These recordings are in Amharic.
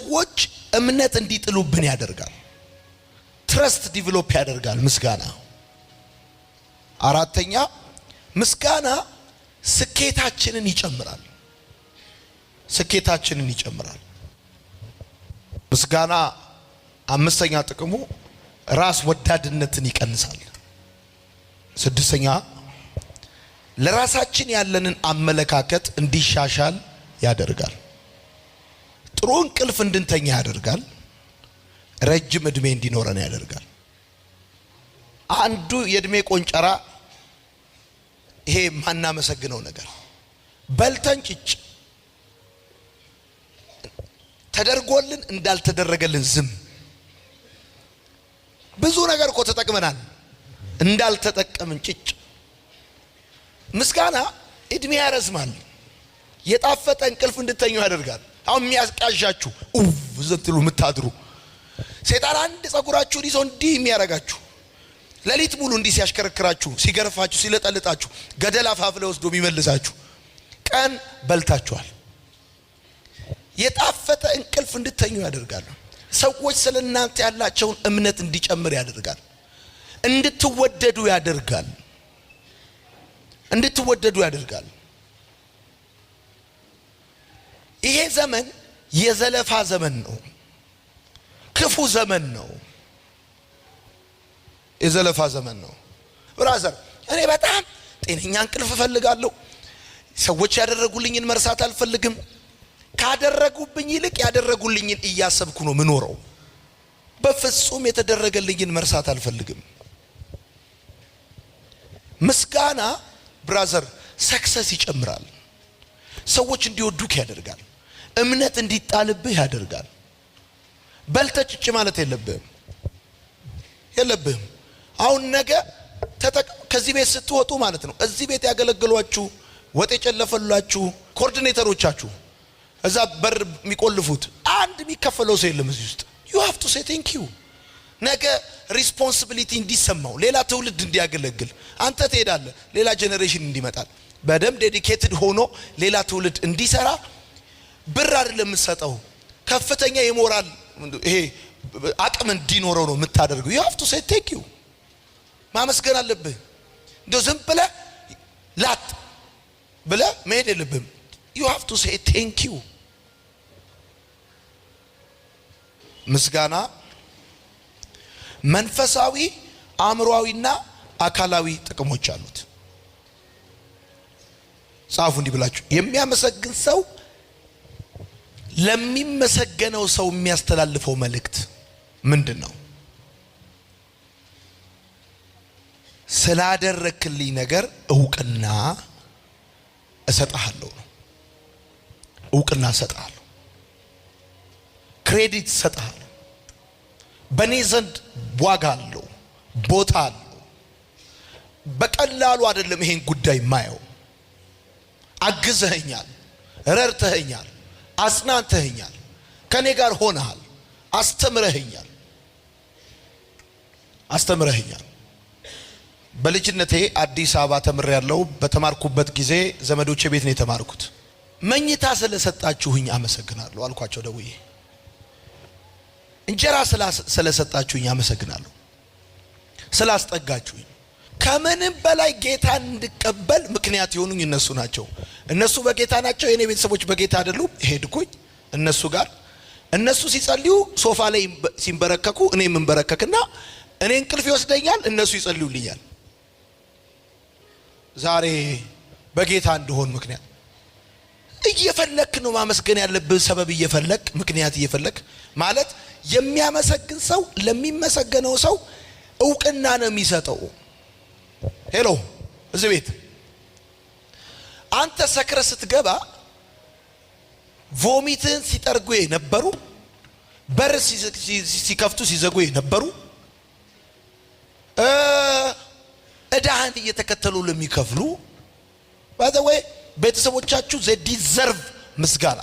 ሰዎች እምነት እንዲጥሉብን ያደርጋል። ትረስት ዲቨሎፕ ያደርጋል። ምስጋና አራተኛ፣ ምስጋና ስኬታችንን ይጨምራል። ስኬታችንን ይጨምራል። ምስጋና አምስተኛ ጥቅሙ ራስ ወዳድነትን ይቀንሳል። ስድስተኛ ለራሳችን ያለንን አመለካከት እንዲሻሻል ያደርጋል። ጥሩ እንቅልፍ እንድንተኛ ያደርጋል። ረጅም እድሜ እንዲኖረን ያደርጋል። አንዱ የእድሜ ቆንጨራ ይሄ የማናመሰግነው ነገር በልተን ጭጭ ተደርጎልን እንዳልተደረገልን ዝም ብዙ ነገር እኮ ተጠቅመናል፣ እንዳልተጠቀምን ጭጭ። ምስጋና እድሜ ያረዝማል፣ የጣፈጠ እንቅልፍ እንድተኙ ያደርጋል። አሁን የሚያስቃዣችሁ ኡቭ ዘትሉ የምታድሩ ሴጣን አንድ ጸጉራችሁን ይዞ እንዲህ የሚያረጋችሁ ሌሊት ሙሉ እንዲህ ሲያሽከረክራችሁ፣ ሲገርፋችሁ፣ ሲለጠልጣችሁ ገደል አፋፍለ ወስዶ የሚመልሳችሁ ቀን በልታችኋል። የጣፈጠ እንቅልፍ እንድተኙ ያደርጋል። ሰዎች ስለ እናንተ ያላቸውን እምነት እንዲጨምር ያደርጋል። እንድትወደዱ ያደርጋል። እንድትወደዱ ያደርጋል። ይሄ ዘመን የዘለፋ ዘመን ነው። ክፉ ዘመን ነው። የዘለፋ ዘመን ነው። ብራዘር እኔ በጣም ጤነኛ እንቅልፍ እፈልጋለሁ። ሰዎች ያደረጉልኝን መርሳት አልፈልግም። ካደረጉብኝ ይልቅ ያደረጉልኝን እያሰብኩ ነው ምኖረው። በፍጹም የተደረገልኝን መርሳት አልፈልግም። ምስጋና ብራዘር ሰክሰስ ይጨምራል። ሰዎች እንዲወዱክ ያደርጋል። እምነት እንዲጣልብህ ያደርጋል። በልተጭጭ ጭጭ ማለት የለብህም የለብህም። አሁን ነገ ከዚህ ቤት ስትወጡ ማለት ነው እዚህ ቤት ያገለግሏችሁ ወጥ የጨለፈላችሁ ኮኦርዲኔተሮቻችሁ እዛ በር የሚቆልፉት አንድ የሚከፈለው ሰው የለም እዚህ ውስጥ ዩ ሃቭ ቱ ሴ ቴንክ ዩ ነገ ሪስፖንሲቢሊቲ እንዲሰማው ሌላ ትውልድ እንዲያገለግል አንተ ትሄዳለህ ሌላ ጄኔሬሽን እንዲመጣል በደንብ ዴዲኬትድ ሆኖ ሌላ ትውልድ እንዲሰራ ብር አይደለም የምትሰጠው። ከፍተኛ የሞራል ይሄ አቅም እንዲኖረው ነው የምታደርገው። ዩ ሃቭ ቱ ሴ ቴንክ ዩ ማመስገን አለብህ። እንደው ዝም ብለህ ላት ብለህ መሄድ የለብህም። ዩ ሃቭ ቱ ሴ ቴንክ ዩ ምስጋና መንፈሳዊ አእምሯዊና አካላዊ ጥቅሞች አሉት። ጻፉ እንዲህ ብላችሁ የሚያመሰግን ሰው ለሚመሰገነው ሰው የሚያስተላልፈው መልእክት ምንድን ነው? ስላደረክልኝ ነገር እውቅና እሰጥሃለሁ ነው። እውቅና እሰጥሃለሁ፣ ክሬዲት እሰጥሃለሁ፣ በእኔ ዘንድ ዋጋ አለው፣ ቦታ አለው። በቀላሉ አይደለም ይሄን ጉዳይ ማየው። አግዘኸኛል፣ ረድተኸኛል አጽናንተህኛል፣ ከእኔ ጋር ሆነሃል፣ አስተምረህኛል አስተምረህኛል። በልጅነቴ አዲስ አበባ ተምሬ ያለው በተማርኩበት ጊዜ ዘመዶቼ ቤት ነው የተማርኩት። መኝታ ስለሰጣችሁኝ አመሰግናለሁ አልኳቸው ደውዬ። እንጀራ ስለሰጣችሁኝ አመሰግናለሁ፣ ስላስጠጋችሁኝ። ከምንም በላይ ጌታን እንድቀበል ምክንያት የሆኑኝ እነሱ ናቸው። እነሱ በጌታ ናቸው፣ የኔ ቤተሰቦች በጌታ አይደሉም። ሄድኩኝ እነሱ ጋር እነሱ ሲጸልዩ ሶፋ ላይ ሲንበረከኩ እኔ የምንበረከክና እኔ እንቅልፍ ይወስደኛል፣ እነሱ ይጸልዩልኛል። ዛሬ በጌታ እንደሆን ምክንያት እየፈለክ ነው ማመስገን ያለብህ ሰበብ እየፈለክ ምክንያት እየፈለክ ማለት የሚያመሰግን ሰው ለሚመሰገነው ሰው እውቅና ነው የሚሰጠው። ሄሎ እዚህ ቤት አንተ ሰክረ ስትገባ ቮሚትህን ሲጠርጉ የነበሩ በር ሲከፍቱ ሲዘጉ የነበሩ እዳህን እየተከተሉ ለሚከፍሉ ባዘወይ ቤተሰቦቻችሁ ዲዘርቭ ምስጋና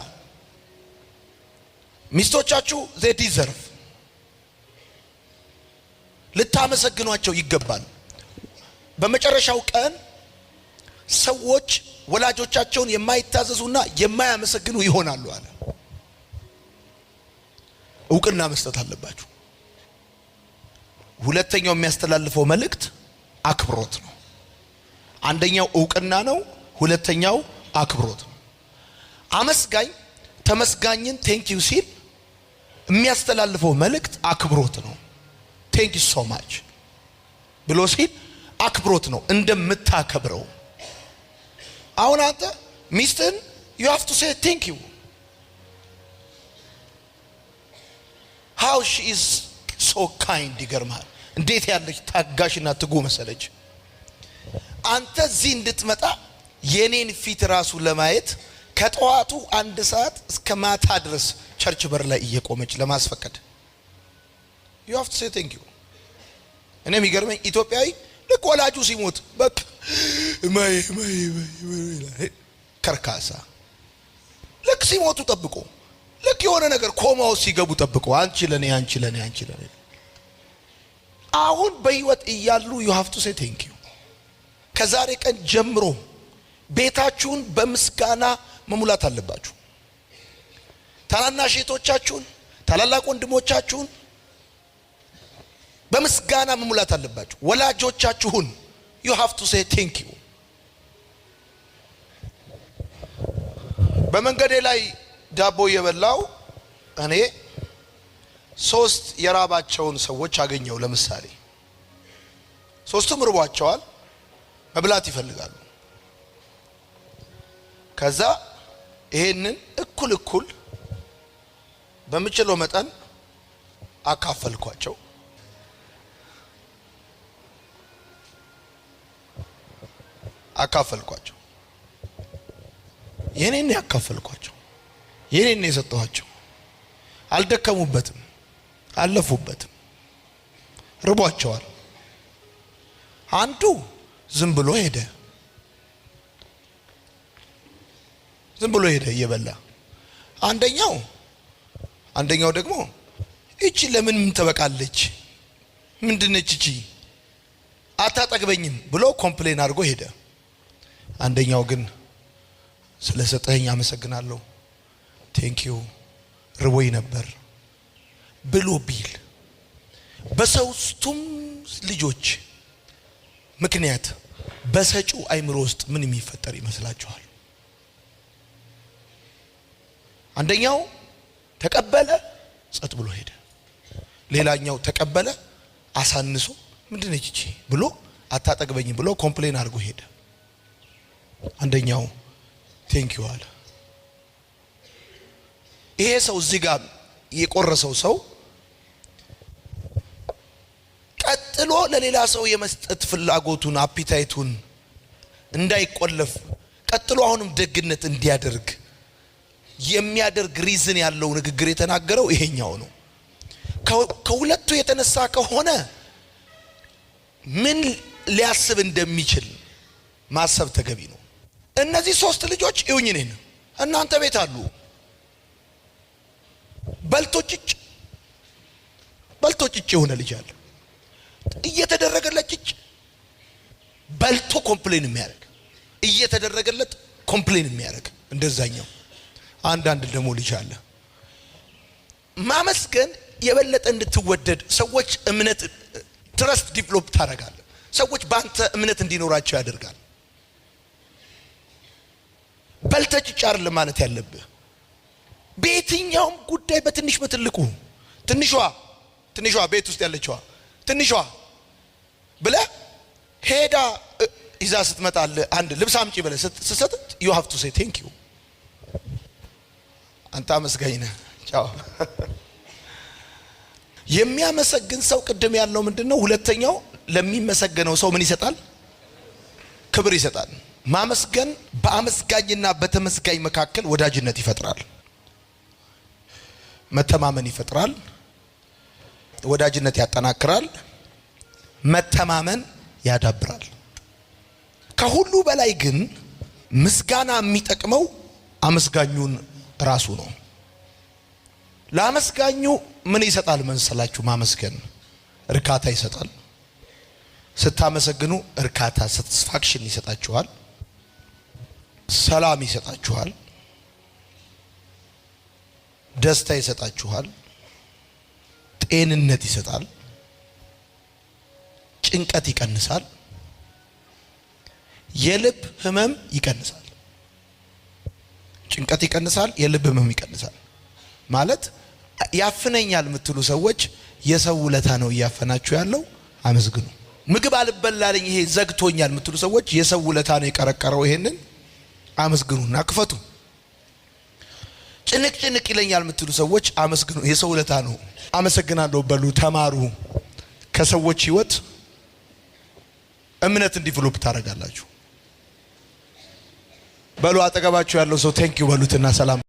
ሚስቶቻችሁ ዲዘርቭ ልታመሰግኗቸው ይገባል። በመጨረሻው ቀን ሰዎች ወላጆቻቸውን የማይታዘዙና የማያመሰግኑ ይሆናሉ አለ። እውቅና መስጠት አለባችሁ። ሁለተኛው የሚያስተላልፈው መልእክት አክብሮት ነው። አንደኛው እውቅና ነው፣ ሁለተኛው አክብሮት ነው። አመስጋኝ ተመስጋኝን ቴንኪው ሲል የሚያስተላልፈው መልእክት አክብሮት ነው። ቴንኪ ሶ ማች ብሎ ሲል አክብሮት ነው እንደምታከብረው አሁን አንተ ሚስትህን ዩ ሃቭ ቱ ሴይ ቴንክ ዩ ሃው ሺ ኢዝ ሶ ካይንድ። ይገርምሃል እንዴት ያለች ታጋሽና ትጉ መሰለች። አንተ እዚህ እንድትመጣ የኔን ፊት ራሱ ለማየት ከጠዋቱ አንድ ሰዓት እስከ ማታ ድረስ ቸርች በር ላይ እየቆመች ለማስፈቀድ ዩ ሃቭ ቱ ሴይ ቴንክ ዩ። እኔ የሚገርመኝ ኢትዮጵያዊ ልክ ወላጁ ሲሞት ከርካሳ ልክ ሲሞቱ ጠብቆ ልክ የሆነ ነገር ኮማው ሲገቡ ጠብቆ አንቺ ለኔ አንቺ ለኔ አንቺ ለኔ። አሁን በህይወት እያሉ ዩ ሴ ቴንክ ዩ። ከዛሬ ቀን ጀምሮ ቤታችሁን በምስጋና መሙላት አለባችሁ። ታናናሽ ታላላቅ ወንድሞቻችሁን በምስጋና መሙላት አለባችሁ። ወላጆቻችሁን ዩ ሃቭ ቱ ሴ ቴንክ ዩ። በመንገዴ ላይ ዳቦ እየበላው እኔ ሶስት የራባቸውን ሰዎች አገኘው። ለምሳሌ ሶስቱም ርቧቸዋል፣ መብላት ይፈልጋሉ። ከዛ ይሄንን እኩል እኩል በምችለው መጠን አካፈልኳቸው። አካፈልኳቸው። የኔን ያካፈልኳቸው የኔን የሰጠኋቸው። አልደከሙበትም፣ አለፉበትም፣ ርቧቸዋል። አንዱ ዝም ብሎ ሄደ። ዝም ብሎ ሄደ እየበላ አንደኛው አንደኛው ደግሞ እቺ ለምን ምን ትበቃለች? ምንድነች እቺ አታጠግበኝም ብሎ ኮምፕሌን አድርጎ ሄደ። አንደኛው ግን ስለ ሰጠኝ አመሰግናለሁ ቴንኪዩ ርቦኝ ነበር ብሎ ቢል በሶስቱም ልጆች ምክንያት በሰጩ አይምሮ ውስጥ ምን የሚፈጠር ይመስላችኋል? አንደኛው ተቀበለ፣ ጸጥ ብሎ ሄደ። ሌላኛው ተቀበለ፣ አሳንሶ ምንድነች ብሎ አታጠግበኝም ብሎ ኮምፕሌን አድርጎ ሄደ። አንደኛው ቴንኪው አለ። ይሄ ሰው እዚህ ጋር የቆረሰው ሰው ቀጥሎ ለሌላ ሰው የመስጠት ፍላጎቱን አፒታይቱን እንዳይቆለፍ ቀጥሎ አሁንም ደግነት እንዲያደርግ የሚያደርግ ሪዝን ያለው ንግግር የተናገረው ይሄኛው ነው። ከሁለቱ የተነሳ ከሆነ ምን ሊያስብ እንደሚችል ማሰብ ተገቢ ነው። እነዚህ ሶስት ልጆች እዩኝ እኔን እናንተ ቤት አሉ። በልቶጭጭ በልቶጭጭ የሆነ ልጅ አለ። እየተደረገለት ጭጭ በልቶ ኮምፕሌን የሚያደርግ እየተደረገለት ኮምፕሌን የሚያደርግ እንደዛኛው። አንዳንድ ደግሞ ልጅ አለ። ማመስገን የበለጠ እንድትወደድ ሰዎች እምነት ትረስት ዲቨሎፕ ታደርጋለህ። ሰዎች በአንተ እምነት እንዲኖራቸው ያደርጋል። በልተጭጭ አይደለም ማለት ያለብህ። በየትኛውም ጉዳይ በትንሽ በትልቁ ትንሿ ትንሿ ቤት ውስጥ ያለችዋ ትንሿ ብለ ሄዳ ይዛ ስትመጣል አንድ ልብስ አምጪ ብለ ስትሰጥ ዩ ሀቭ ቱ ሴ ቴንክ ዩ። አንተ አመስጋኝ ነህ። ቻው። የሚያመሰግን ሰው ቅድም ያለው ምንድን ነው? ሁለተኛው ለሚመሰገነው ሰው ምን ይሰጣል? ክብር ይሰጣል። ማመስገን በአመስጋኝና በተመስጋኝ መካከል ወዳጅነት ይፈጥራል፣ መተማመን ይፈጥራል፣ ወዳጅነት ያጠናክራል፣ መተማመን ያዳብራል። ከሁሉ በላይ ግን ምስጋና የሚጠቅመው አመስጋኙን ራሱ ነው። ለአመስጋኙ ምን ይሰጣል መሰላችሁ? ማመስገን እርካታ ይሰጣል። ስታመሰግኑ እርካታ ሳትስፋክሽን ይሰጣችኋል። ሰላም ይሰጣችኋል፣ ደስታ ይሰጣችኋል፣ ጤንነት ይሰጣል፣ ጭንቀት ይቀንሳል፣ የልብ ህመም ይቀንሳል። ጭንቀት ይቀንሳል፣ የልብ ህመም ይቀንሳል ማለት ያፍነኛል የምትሉ ሰዎች የሰው ውለታ ነው እያፈናችሁ ያለው አመስግኑ። ምግብ አልበላለኝ ይሄ ዘግቶኛል የምትሉ ሰዎች የሰው ውለታ ነው የቀረቀረው ይሄንን አመስግኑና ክፈቱ። ጭንቅ ጭንቅ ይለኛል የምትሉ ሰዎች አመስግኑ። የሰው ውለታ ነው። አመሰግናለሁ በሉ። ተማሩ። ከሰዎች ህይወት እምነት እንዲቨሎፕ ታደርጋላችሁ። በሉ አጠገባችሁ ያለው ሰው ቴንኪው በሉትና ሰላም